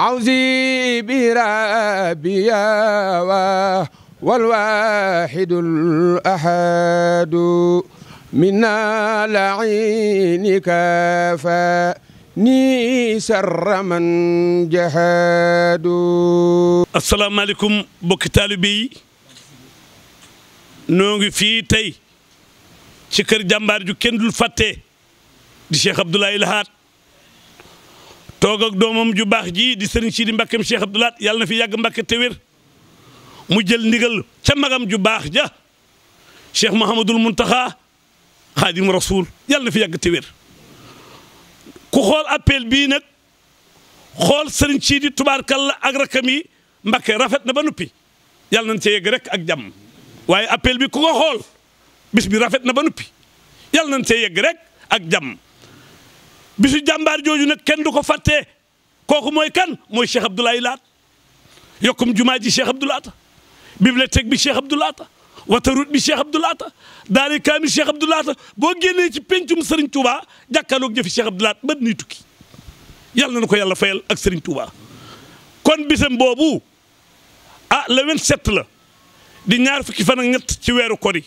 عوزي بربيا والواحد الأحد منا لعينك فني سر من جهاد السلام عليكم بك طالبي نونغي في تي ci kër jàmbaar ju kenn dul fàtte di Cheikh Abdoulaye Lahad toog ak doomam ju baax ji di sëriñ si di mbakkeem Cheikh Abdou yàlla na fi yàgg mbakke te mu jël ndigal ca magam ju baax ja Cheikh Mouhamadul Muntaxa xaadim rasul yal na fi yàgg te wér ku xool appeel bii nag xool sëriñ si di kal ak rakam yi mbakke rafet na ba noppi yàlla nañ cee yegg rek ak jàmm waaye appel bi ko xool bis bi rafet na ba noppi yàlla nañ cee yegg rek ak jàmm. bisu jàmbaar jooju nag kenn du ko fàttee kooku mooy kan mooy Cheikh Abdoulaye Laat yokkum jumaa ji Cheikh Abdou Lahat bibliothèque bi Cheikh Abdou Lahat wataroute bi Cheikh Abdou Lahat daari kaami Cheikh Abdou Lahat boo génnee ci pencum Serigne Touba jàkkaarloog jëfi Cheikh Abdou Lahat ba nuy tukki yàlla na ko yàlla fayal ak Serigne Touba. kon bisam boobu ah le 27 la di ñaar fukki fan ak ñett ci weeru kori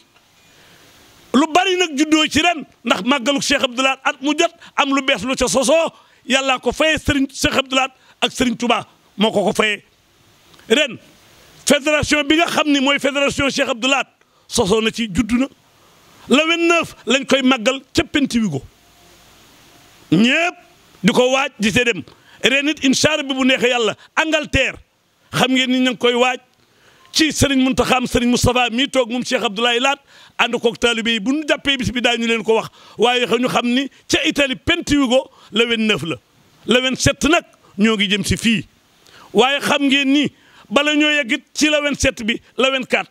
lu bari nag juddoo ci ren ndax màggalu Cheikh Abdou at mu jot am lu bees lu ca sosoo yàllaa ko fayee Serigne Cheikh Abdou Lahad ak Serigne Touba moo ko ko fayee ren fédération bi nga xam ni mooy fédération Cheikh Abdou Lahad na ci juddu na la 29 lañ koy màggal ca Pentiwigo ñëpp di ko waaj di see dem ren it incha bi bu neexee yàlla Angleterre xam ngeen nit ñu ngi koy waaj. ci Serigne Mountakha am Serigne Moustapha mii toog moom Cheikh Abdoulaye Laat ànd koog taalibe yi bu ñu jàppee bis bi daañu leen ko wax waaye ñu xam ni ca Italie Pentiugo le 29 la le 27 nag ñoo ngi jëm si fii waaye xam ngeen ni bala ñoo yeggit ci le 27 bi le 24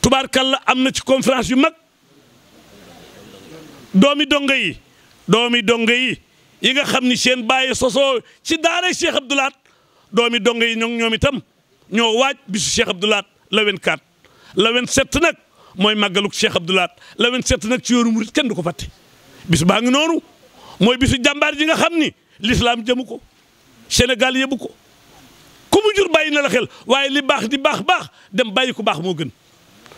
tubaarkalla am na ci conférence yu mag doomi donga yi doomi donga yi yi nga xam ni seen bàyyi sosoo ci daa daara Cheikh Abdoulaye doomi donga yi ñoom ñoom itam. ñoo waaj bisu Cheikh Abdou Lahad la 24 la 27 nag mooy màggaluk Cheikh Abdou Lahad la 27 nag ci yoonu murit kenn du ko fàtte bisu baa ngi noonu mooy bisu jàmbaar ji nga xam ni lislaam jëmu ko Sénégal yebu ko ku mu jur bàyyi na la xel waaye li baax di baax baax dem bàyyi ku baax moo gën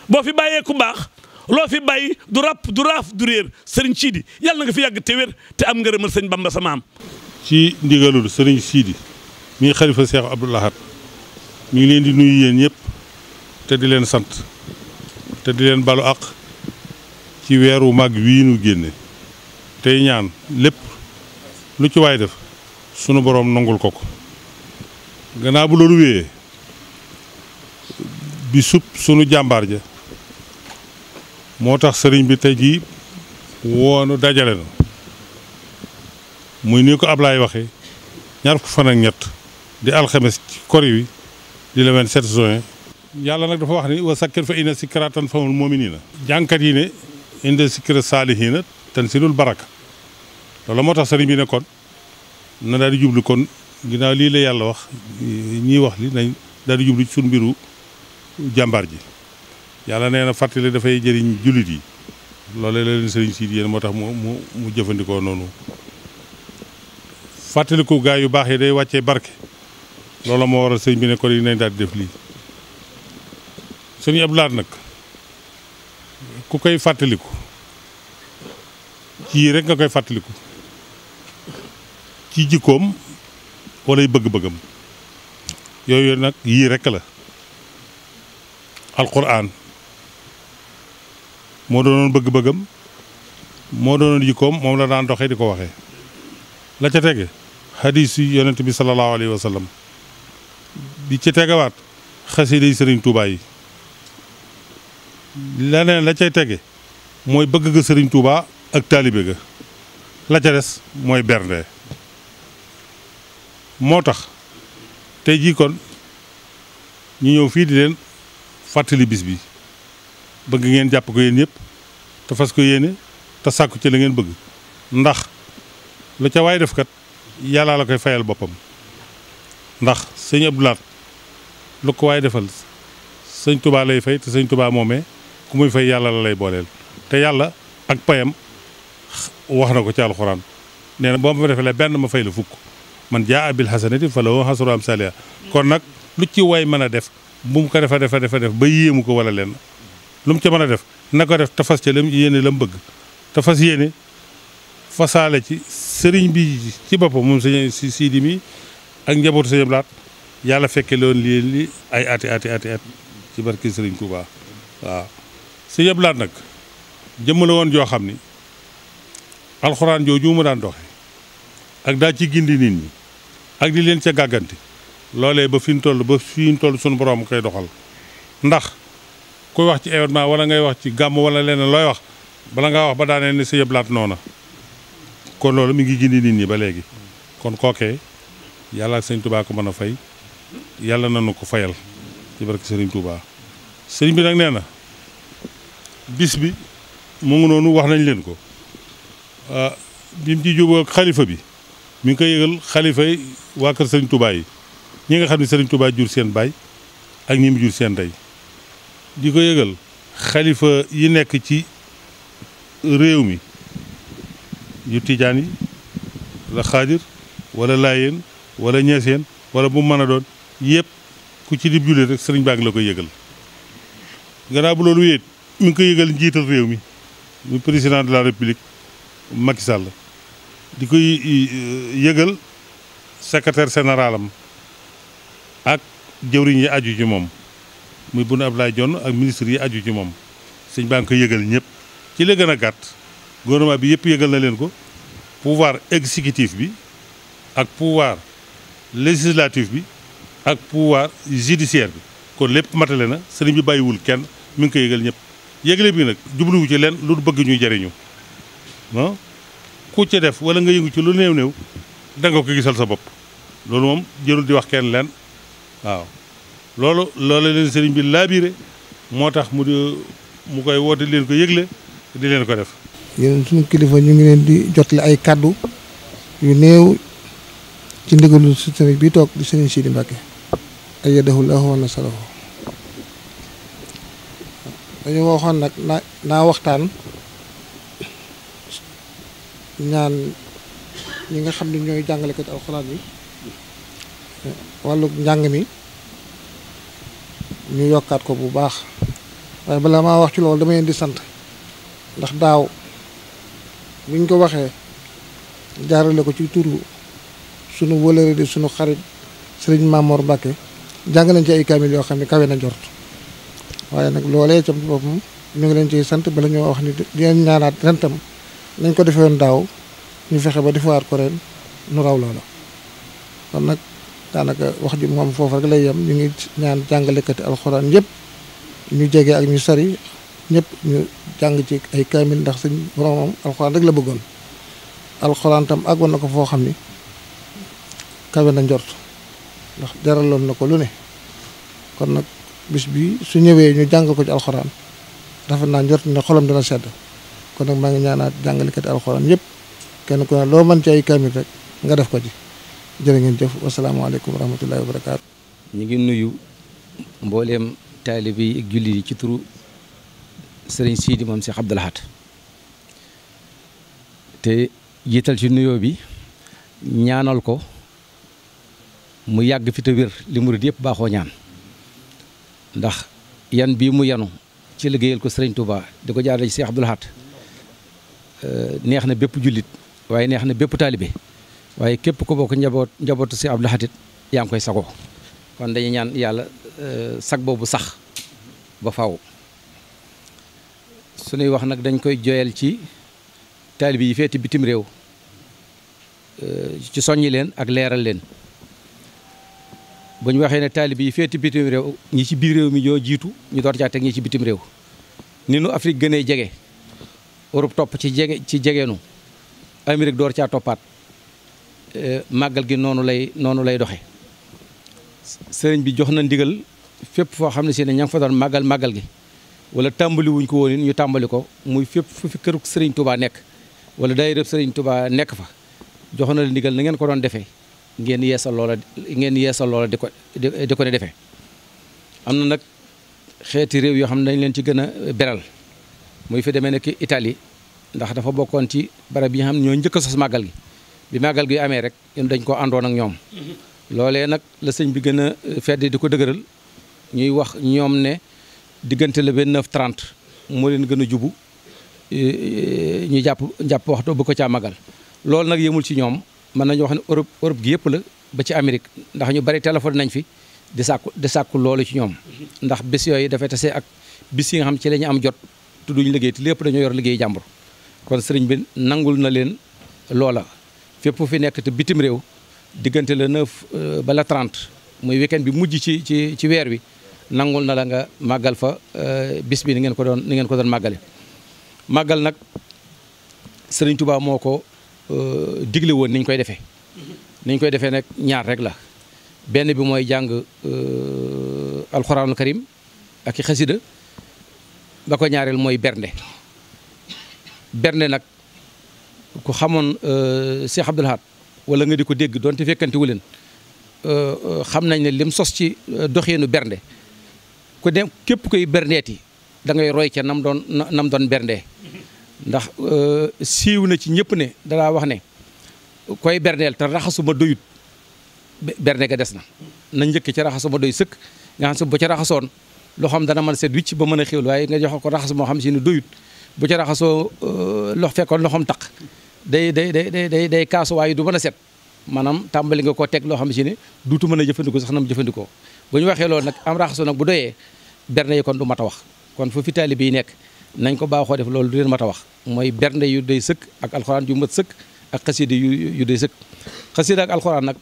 boo fi bàyyee ku baax loo fi bàyyi du rapp du raaf du réer sëriñ Sidi yàlla na nga fi yàgg te wér te am ngërëmal sëñ Bamba sa ci ndigalul sëriñ Sidi mi xalifa Cheikh Abdou Lahad mi ngi leen di nuyu yéen ñëpp te di leen sant te di leen balu àq ci weeru mag wii nu génne tey ñaan lépp lu ci waay def sunu boroom nangul ko ko gannaaw bu loolu wéyee bi sub sunu jàmbaar ja moo tax sëriñ bi tey jii woonu dajale na muy ni ko Ablaay waxe ñaar ko fan ak ñett di alxemes ci kori wi di le 27 juin yàlla nag dafa wax ni wa sakkir fa ina sikkira tan nii na jànkat yi ne inda sikkira saalihina tan silul baraka loolu moo tax sëriñ bi ne kon na daal di jublu kon ginnaaw lii la yàlla wax ñiy wax li nañ daal di jublu mbiru jàmbaar ji yàlla nee na fàttali dafay jëriñ jullit yi loolu la leen sëriñ siid yéen moo tax mu mu mu jëfandikoo noonu fàttaliku gaa yu baax yi day wàccee barke loola moo waral sëñ bi ne ko yi nañ daal di def lii sëñ Abdou Lahad nag ku koy fàttaliku ci rek nga koy fàttaliku ci jikkoom wala bëgg-bëggam yooyu nag yii rekk la alquran moo doonoon bëgg-bëggam moo doonoon jikkoom moom la daan doxe di ko waxee la ca tege hadis yonent bi sallallahu alayhi wa di ci tegewaat xasida yi sëriñ Touba yi leneen la cay tege mooy bëgg ga sëriñ Touba ak taalibe ga la ca des mooy bernde moo tax tey jii kon ñu ñëw fii di leen fàttali bis bi bëgg ngeen jàpp ko yéen yëpp te fas ko yéene te sàkku ci la ngeen bëgg ndax lu ca waay defkat kat yàllaa la koy fayal boppam ndax sëñ Abdou lu ko waaye defal sëñ tubaa lay fay te sëñ tubaa moomee ku muy fay yàlla la lay booleel te yàlla ak payam wax na ko ci alxuraan nee boo ma defalee benn ma fay la fukk man jaa abil xasanati fa lahu am amsaalihaa kon nag lu ci waay mën a def bu mu ko defa defa defa ba yéemu ko wala lenn lu mu ca mën a def na ko def te fas ca lam yéene la mu bëgg tafas fas yéene fasaale ci sëriñ bi ci boppam moom sëñ si siidi mi ak njabootu sëñ Abdou Lahad yàlla fekke loon lii li ay ati ati ati at ci barki Serigne Touba waaw sëñ Abdou nag jëmm la woon joo xam ni alxuraan jooju mu daan doxe ak daal ci gindi nit ñi ak di leen sa gàgganti loolee ba fi ñu toll ba fi ñu toll sunu borom koy doxal ndax koy wax ci événement wala ngay wax ci gàmm wala leneen lay wax bala ngaa wax ba daanee ne sëñ Abdou noona kon loolu mi ngi gindi nit ñi ba léegi kon kookee yàlla ak sëñ ko mën a fay yàlla na nu ko fayal ci barke sëriñ Touba sëriñ bi nag nee na bis bi mu ngi noonu wax nañ leen ko ah, bi mu ci juboo ak xalifa bi mu ngi koy yëgal xalifa yi waa kër sëriñ Touba yi ñi nga xam ne sëriñ Touba jur seen baay ak ñi mu jur seen ndey di ko yëgal xalifa yi nekk ci réew mi yu tijaan yi wala xaadir wala laayeen walla ñeeseen wala bu mu mën a doon yëpp ku ci dib jullit rek sëriñ baa ngi la koy yëgal gannaaw bu loolu wéet mu ngi ko yëgal njiital réew mi mu président de la république Macky Sall di koy yëgal secrétaire général am ak jëwriñ yi aju ci moom muy Boun Abdallah jonn ak ministre yi aju ci moom sëñ baa ngi koy yëgal ñëpp ci la gën a gàtt gouvernement bi yëpp yëgal na leen ko pouvoir exécutif bi ak pouvoir législatif bi ak pouvoir judiciaire bi kon lépp matale na sëriñ bi bàyyiwul kenn mi ngi ko yégal ñëpp yëgle bi nag jubluwu ci leen lu bëgg ñuy jariñu ah ku ca def wala nga yëngu ci lu néew néew da ko gisal sa bopp loolu moom jërul di wax kenn leen waaw loolu loolu leen sëriñ bi laabiré moo tax mu di mu koy woote leen ko yëgle di leen ko def yéen suñu kilifa ñu ngi leen di jotale ay kàddu yu néew ci ndigalu sëriñ bi toog di sëriñ Sidi Mbacke ayyadahu llahu wa nasarahu dañu waxoon nag naa naa waxtaan ñaan ñi nga xam ne ñooy jàngalekat alxuraan yi wàllu njàng mi ñu yokkaat ko bu baax waaye bala maa wax ci loolu dama leen di sant ndax daaw buñ ko waxee jaarale ko ci turu sunu wëlëre di sunu xarit sëriñ Mamor Mbàkke jàng nañ ci ay kaamil yoo xam ne kawe na jort waaye nag loolee ci boppam ñu ngi leen ciy sant bala ñoo wax ni di leen ñaanaat ren ko defewoon daaw ñu fexe ba defaat ko nu raw loola kon nag daanaka wax ji moom foofu lay yem ñu ngi ñaan jàngalekati alxuraan yëpp ñu jege ak ñu sari ñëpp ñu jàng ci ay kaamil ndax suñ boromam alxuraan rek la bëggoon alxuraan tam àggoon na ko foo xam ni kawe na njort ndax jaraloon na ko lu ne kon nag bis bi su ñëwee ñu jàng ko ci alxuraan rafet naa njort ne xolam dana sedd kon nag maa ngi ñaanaat jàngalekati alxuraan yëpp kenn ku ne loo mën ci ay kaamil rek nga def ko ci jërë ngeen jëf wasalaamaaleykum wa rahmatullahi wa barakaatu. ñu ngi nuyu mbooleem taalibe yi ak ci turu sëriñ Sidi moom Cheikh Abdou te jiital ci nuyoo bi ñaanal ko. mu yàgg fi li murid yëpp baaxoo ñaan ndax yan bii mu yanu ci liggéeyal ko sëriñ Touba di ko jaarale ci Cheikh Abdoul Ahad euh, neex na bépp jullit waaye neex na bépp taalibe waaye képp ku bokk njaboot njabootu Cheikh Abdoul Ahad yaa ngi koy sago kon dañuy ñaan yàlla euh, sag boobu sax ba faaw suñuy wax nag dañ koy joyal ci taalibe yi feeti bitim réew euh, ci soññi leen ak leeral leen bu ñu waxee ne taalibe yi féeti bitim réew ñi ci biir réew mi ñoo jiitu ñu door caa teg ñi ci bitim réew ni nu Afrique gënee jege Europe topp ci jege ci jegeenu Amérique door caa toppaat eh, màggal gi noonu lay noonu lay doxe sëriñ bi jox na ndigal fépp foo xam ne si ne ña ngi fa doon màggal màggal gi wala tàmbali wuñ ko woon ñu tàmbali ko muy fépp fu fi këruk sëriñ tubaa nekk wala daayira sëriñ tubaa nekk fa jox na la ndigal na ngeen ko doon defee ngeen yeesal loola ngeen yeesal loola di ko di ko ne defee am na nag xeeti réew yoo xam ne dañ leen ci gën a beral muy fi demee nekk Italie ndax dafa bokkoon ci barab yi xam ñoo njëkk a sos màggal gi bi màggal gi amee rek ñun dañ koo àndoon ak ñoom mm-hmm. loolee nag la sëñ bi gën a fedd di ko dëgëral ñuy wax ñoom ne diggante le 29 30 moo leen gën a jubu ñu jàpp jàpp waxtu bu ko caa màggal loolu nag yëmul ci ñoom mën nañu wax ne Europe Europe gi yëpp la ba ci Amérique ndax ñu bari téléphone nañ fi di sàkku di sàkku loolu ci ñoom ndax bis yooyu dafa tase ak bis yi nga xam ci la am jot te duñu liggéey te lépp dañoo yor liggéey jàmbur kon sëriñ bi nangul na leen loola fépp fi nekk te bitim réew diggante la 9 euh, ba la 30 muy wekken bi mujj ci ci ci weer wi nangul na la nga màggal fa euh, bis bi ni ngeen ko doon ni ngeen ko doon màggale màggal nag sëriñ Touba moo ko Euh, digle woon niñ koy defee niñ koy defee nag ñaar rek la benn bi mooy jàng euh, alxuraanul karim ak i xasida ba ko ñaareel mooy bernde bernde nag ku xamoon euh, Cheikh Abdoul Ahad wala nga di ko dégg doonte fekkanti wu leen xam nañ ne lim sos ci doxeenu bernde ku dem képp koy berndeeti da ngay roy ca nam doon nam doon berndee ndax euh, siiw na ci ñëpp ne dalaa wax ne koy berneel te raxasuma doyut berne ga des na na njëkk ci raxasuma doy sëkk nga xam si bu ca raxasoon loo xam dana mën seet wicc ba mën a xéwlu waaye nga jox ko raxas moo xam si ne doyut bu ca raxasoo euh, lox fekkoon loxoom taq day day day day day kaasu waaye du mën a set maanaam tàmbali nga koo teg loo xam si ne duutu mën a jëfandikoo sax ma jëfandikoo bu ñu waxee loolu nag am raxasoo nag bu doyee berne yi kon du mat a wax kon fu fi nekk nañ ko baaxoo def loolu du leen mat a wax mooy bernde yu day sëkk ak alxuraan yu mat sëkk ak xasida yu yu day sëkk xasida ak alxuraan nag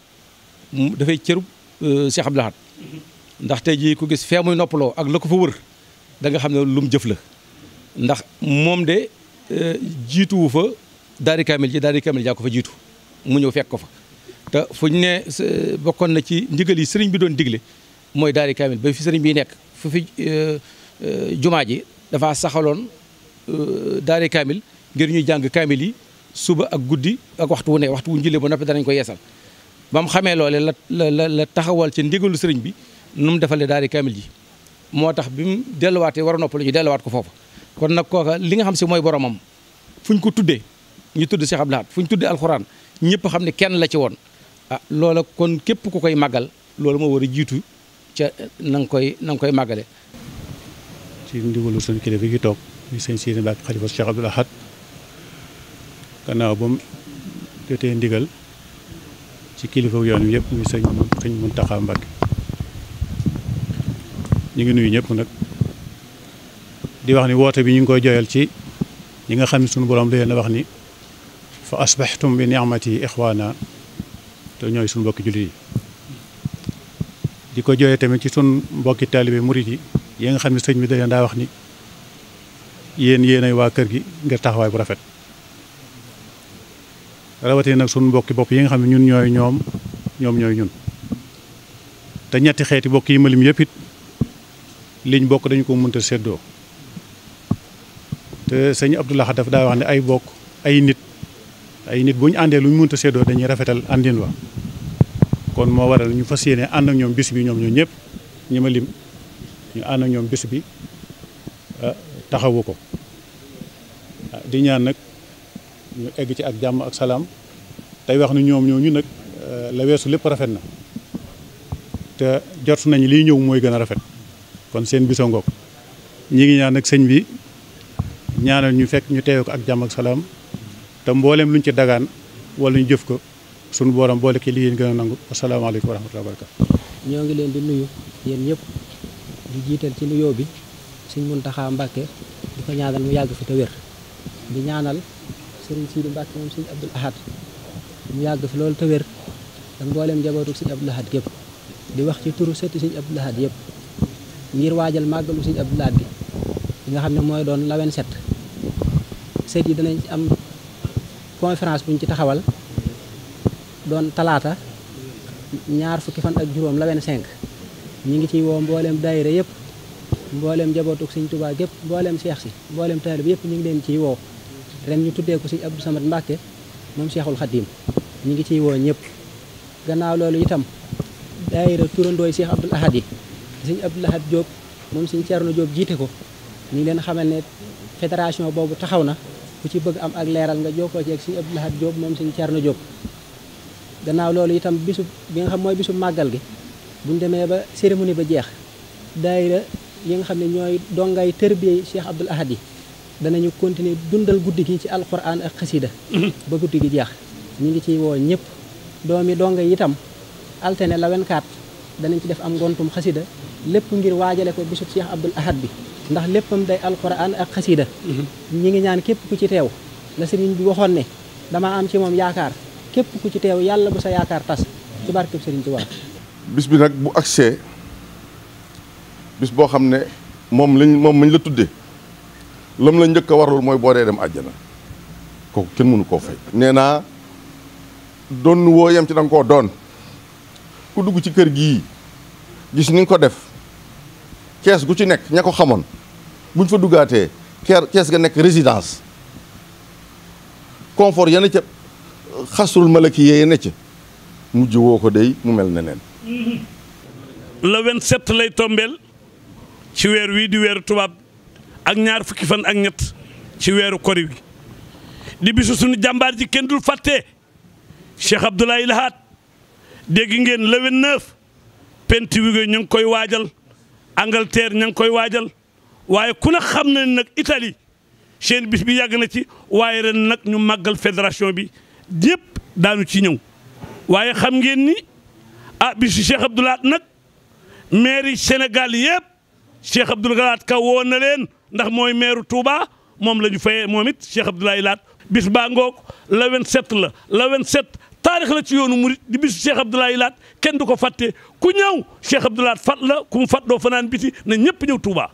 dafay cërub euh, Cheikh Abdou Lahad ndax tey jii ku gis fee muy noppaloo ak la ko fa wër da nga xam ne lu jëf la ndax moom de euh, jiituwu fa daari kaamil ji daari kaamil jaa ko fa jiitu mu ñëw fekk ko fa te fu ñu ne bokkoon na ci ndigal yi sëriñ bi doon digle mooy daari kaamil ba fi sëriñ bi nekk fu fi euh, jumaa ji dafa saxaloon euh, daare kaamil ngir ñuy jàng kaamil yi suba ak guddi ak waxtu wu ne waxtu wu njëlee ba noppi danañ ko yeesal ba mu xamee loole la la la taxawal ci ndigalu sëriñ bi nu mu defalee daare kaamil yi moo tax bi mu delluwaatee war a noppalu ñu delluwaat ko foofu kon nag kooka li nga xam si mooy boromam fu ñu ko tuddee ñu tudd Cheikh xam Lahad fu ñu tuddee alxuraan ñëpp xam ne kenn la ci woon a ah, loola kon képp ku koy màggal loolu moo war a jiitu ca na koy na nga koy màggale ci ndigalu suñ kilifa gi toog ñu sëñ Sidi Mbacke xalifa Cheikh Abdoul Ahad gannaaw ba mu jotee ndigal ci kilifa yoon wi yëpp muy sëñ sëñ Mountakha Mbacke ñu ngi nuyu ñëpp nag di wax ni woote bi ñu ngi koy jooyal ci ñi nga xam ne suñu borom da leen a wax ni fa asbaxtum bi ni'mati ixwaana te ñooy suñu mbokki jullit yi di ko jooyee tamit ci suñu mbokki taalibe murit yi yi nga xam ne sëñ bi da daa wax ni yéen yéenay waa kër gi ngir taxawaay bu rafet rawatina nag sunu mbokki bopp yi nga xam ne ñun ñooy ñoom ñoom ñooy ñun te ñetti xeeti bokk yi ma lim yëpp it liñ bokk dañu ko mënta séddoo te sëñ Abdoulaye daf daa wax ne ay bokk ay nit ay nit bu ñu àndee lu ñu mënta seddoo dañuy rafetal àndin wa kon moo waral ñu fas yéene ànd ak ñoom bis bi ñoom ñoo ñëpp ñi ma lim ñu ànd ñoom bés bi ah, taxawu ko ah, di ñaan nag ñu egg ci ak jàmm ak salaam tey wax ne ñoom ñoo ñu nag ah, la weesu lépp rafet na te jot nañu lii ñëw mooy gën a rafet kon seen bisa ngoog ñi ngi ñaan nag sëñ bi ñaanal ñu fekk ñu teewe ko ak jàmm ak salaam te mbooleem luñ ci dagaan wala ñu jëf ko suñu booram boole ki li yéen gën a nangu asalaamaaleykum wa rahmatulah wa barakatu ñoo ngi leen di nuyu yéen ñëpp di jiital ci nuyoo bi sëñ Muntaxa Mbàkke di ko ñaanal mu yàgg fi te wér di ñaanal sëriñ Sidi Mbàkke moom sëñ Abdul Ahad mu yàgg fi loolu te wér ak mboolem njabootu sëñ Abdul Ahad yëpp di wax ci turu sëtti sëñ Abdul Ahad yëpp ngir waajal màggalu sëñ Abdul Ahad bi nga xam ne mooy doon lawen set set yi danañ am conférence buñ ci taxawal doon talaata ñaar fukki fan ak juróom lawen cinq ñu ngi ciy woo mbooleem daayira yëpp mbooleem njabootu sëñ Tuubaa gépp mbooleem seex si mbooleem taalib yëpp ñu ngi leen ciy woo ren ñu tuddee ko sëñ ab Samad Mbàkke moom Seexul Xadiim ñu ngi ciy woo ñëpp gannaaw loolu itam daayira turandooy Seex Abdul Ahad yi sëñ Abdul Ahad Jóob moom sëñ Ceerno Jóob jiite ko ñu ngi leen xamal ne fédération boobu taxaw na ku ci bëgg am ak leeral nga jokkoo ci ak sëñ Abdul Ahad Jóob moom sëñ Ceerno Jóob gannaaw loolu itam bisu bi nga xam mooy bisu màggal gi buñ demee ba cérémonie ba jeex daayira yi nga xam ne ñooy dongaay tërbiye Cheikh Abdoul Ahad yi danañu continuer dundal guddi gi ci alquran ak xasida ba guddi gi jeex ñu ngi ciy woo ñëpp doomi donga yi itam altine la wenkaat danañ ci def am ngontum xasida lépp ngir waajale ko bisub Cheikh Abdoul Ahad bi ndax léppam day alquran ak xasida mm-hmm. ñi ngi ñaan képp ku ci teew la sëriñ bi waxoon ne damaa am ci moom yaakaar képp ku ci teew yàlla bu sa yaakaar tas ci barkeb sëriñ ci bis bi nag bu agsee bis boo xam ne moom lañ moom mañ la tuddee lam la njëkk warul mooy boo dee dem àjjana kooku kenn mënu koo fay. nee naa doon woo yem ci da koo doon ku dugg ci kër gii gis ni ko def kees gu ci nekk ña ko xamoon buñ fa duggaatee keer kees ga nekk résidence confort yana ca xasrul malaki yee ne ca mujj woo ko dey mu mel ne neen le 27 lay tombeel ci weer wii di weeru tubaab ak ñaar fukki fan ak ñett ci weeru kori wi di bisu suñu jàmbaar ji kenn dul fàttee Cheikh Abdoulaye Lahat dégg ngeen le 29 penti wi ñu ngi koy waajal Angleterre ña ngi koy waajal waaye ku na xam ne nag itali seen bis bi yàgg na ci waaye ren nag ñu màggal fédération bi ñëpp daanu ci ñëw waaye xam ngeen ni ah bisu Cheikh Abdou Lahad nag maire Sénégal yëpp Cheikh Abdou Lahad Ka woo na leen ndax mooy maire Touba moom lañu ñu moom it Cheikh Abdoulaye Laat bis baa ngoog la 27 la la 27 taarix la ci yoonu murit di bisu Cheikh Abdoulaye Laat kenn du ko fàtte ku ñëw Cheikh Abdou Lahad fat la ku mu fanaan biti na ñëpp ñëw Touba.